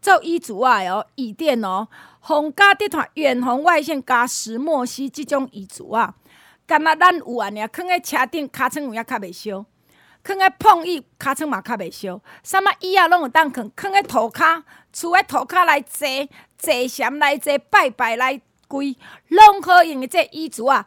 做椅足啊，哦，椅墊哦，皇家地毯遠紅外線加石墨烯即種椅足啊，干阿咱有安尼，放喺車頂，腳床有影較袂燒；放喺碰椅，腳床嘛較袂燒。什物椅仔攏有當放，放喺塗骹，厝喺塗骹來坐，坐禪來坐，拜拜來跪，攏可以用嘅這椅子啊。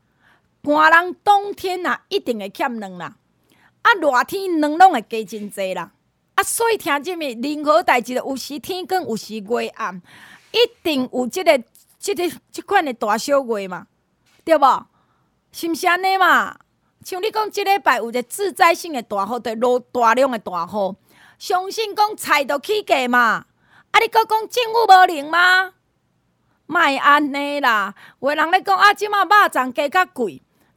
寒人冬天啊，一定會欠冷啦。啊，熱天冷攏會加真儕啦。啊，細聽即咪，任何代志，有時天光，有時月暗，一定有即個、即個、即款嘅大小月嘛，對無是毋是安尼嘛？像你講，即禮拜有一個致災性嘅大雨，着落大量嘅大雨，相信講菜都起價嘛。啊，你佫講政府無靈嗎？賣安尼啦，有人咧講啊，即賣肉粽加較貴。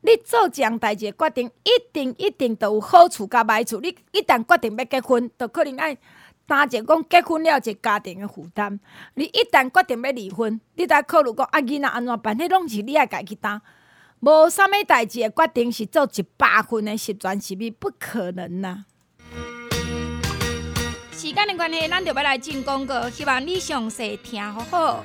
你做項代志嘅決定，一定一定都有好處加壞處。你一旦決定要結婚，就可能要擔一個講結婚了一個家庭嘅負擔。你一旦決定要離婚，你再考慮講啊囡仔安怎辦，迄攏是你愛家己擔。無啥物代志嘅決定是做一百分嘅十全十美，不可能呐。時間嘅關係，咱就要來進廣告，希望你詳細聽好好。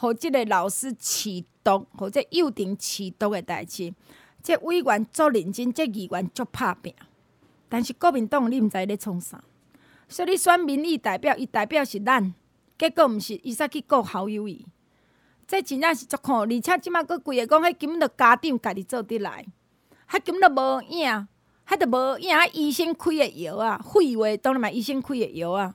和即個老師吸毒，和即個幼稚園吸毒嘅代志，即、這個、委員足認真，即、這個、議員足拍拼。但是國民黨你唔知咧創啥，說你選民意代表，伊代表是咱，結果唔是，伊煞去告好友誼，這個、真正是足可。而且即賣佫規個講，迄根本著家長家己做得來，還根本都無影，還都無影。醫生開嘅藥啊，廢話，當然嘛醫生開嘅藥啊。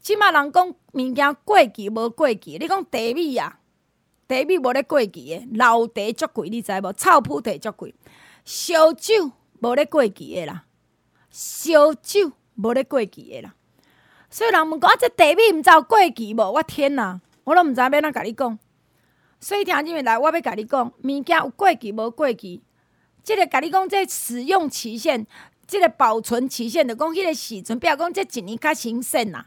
即嘛人講物件過期無過期，你講茶米啊，茶米無咧過期嘅，老茶最貴，你知無？臭殕茶最貴，燒酒無咧過期的啦，燒酒無咧過期的啦。所以人問講啊，即茶米唔知有過期無？我天啊，我都唔知要安怎甲你講。所以聽你來，我要甲你講，物件有過期無過期？即個甲你講，即使用期限，即個保存期限，就講迄個時陣，比如講即一年比較新鮮啦。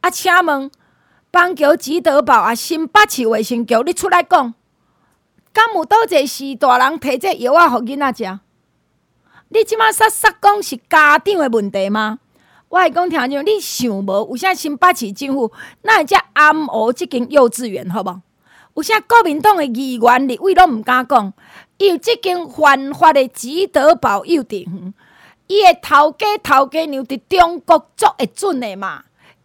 啊，請問邦橋吉德寶啊，新北市衛生局，你出來講，敢有倒者序大人摕這藥仔給囡仔食？你即馬煞煞講是家長的問題嗎？我講聽將，你想無？有啥？新北市政府那會遮暗黑即間幼稚園，好無？有啥？國民黨嘅議員，你為啷毋敢講？伊有即間犯法嘅吉德寶幼稚園，伊嘅頭家頭家娘佇中國做會準的嘛？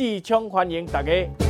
熱切歡迎大家！